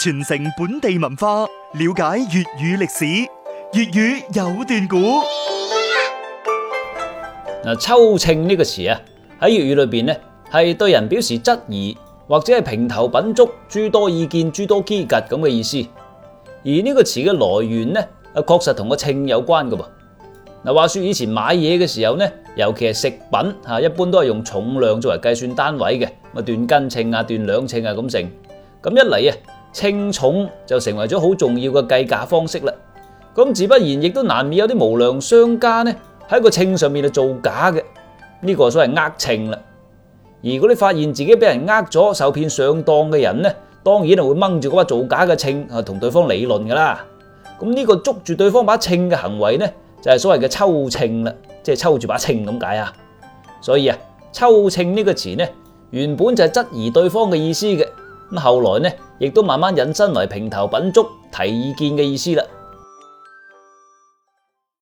傳承本地文化，了解粵語歷史。粵語有段古嗱，揪秤呢個詞啊，喺粵語裏邊呢，係對人表示質疑或者係評頭品足諸多意見諸多畸格咁嘅意思。而呢個詞嘅來源呢，啊，確實同個稱有關嘅噃嗱。話說以前買嘢嘅時候呢，尤其係食品吓，一般都係用重量作為計算單位嘅，咪斷斤稱啊，斷兩稱啊咁成咁一嚟啊。稱重就成為咗好重要嘅計價方式啦，咁自不然亦都難免有啲無良商家呢，喺個秤上面啊造假嘅，呢個所謂呃秤啦。如果你發現自己俾人呃咗，受騙上當嘅人呢，當然係會掹住嗰把造假嘅秤啊同對方理論噶啦。咁呢個捉住對方的把秤嘅行為呢，就係所謂嘅抽秤啦，即係抽住把秤咁解啊。所以啊，抽秤呢個詞呢，原本就係質疑對方嘅意思嘅。咁後來呢，亦都慢慢引申為評頭品足、提意見嘅意思啦。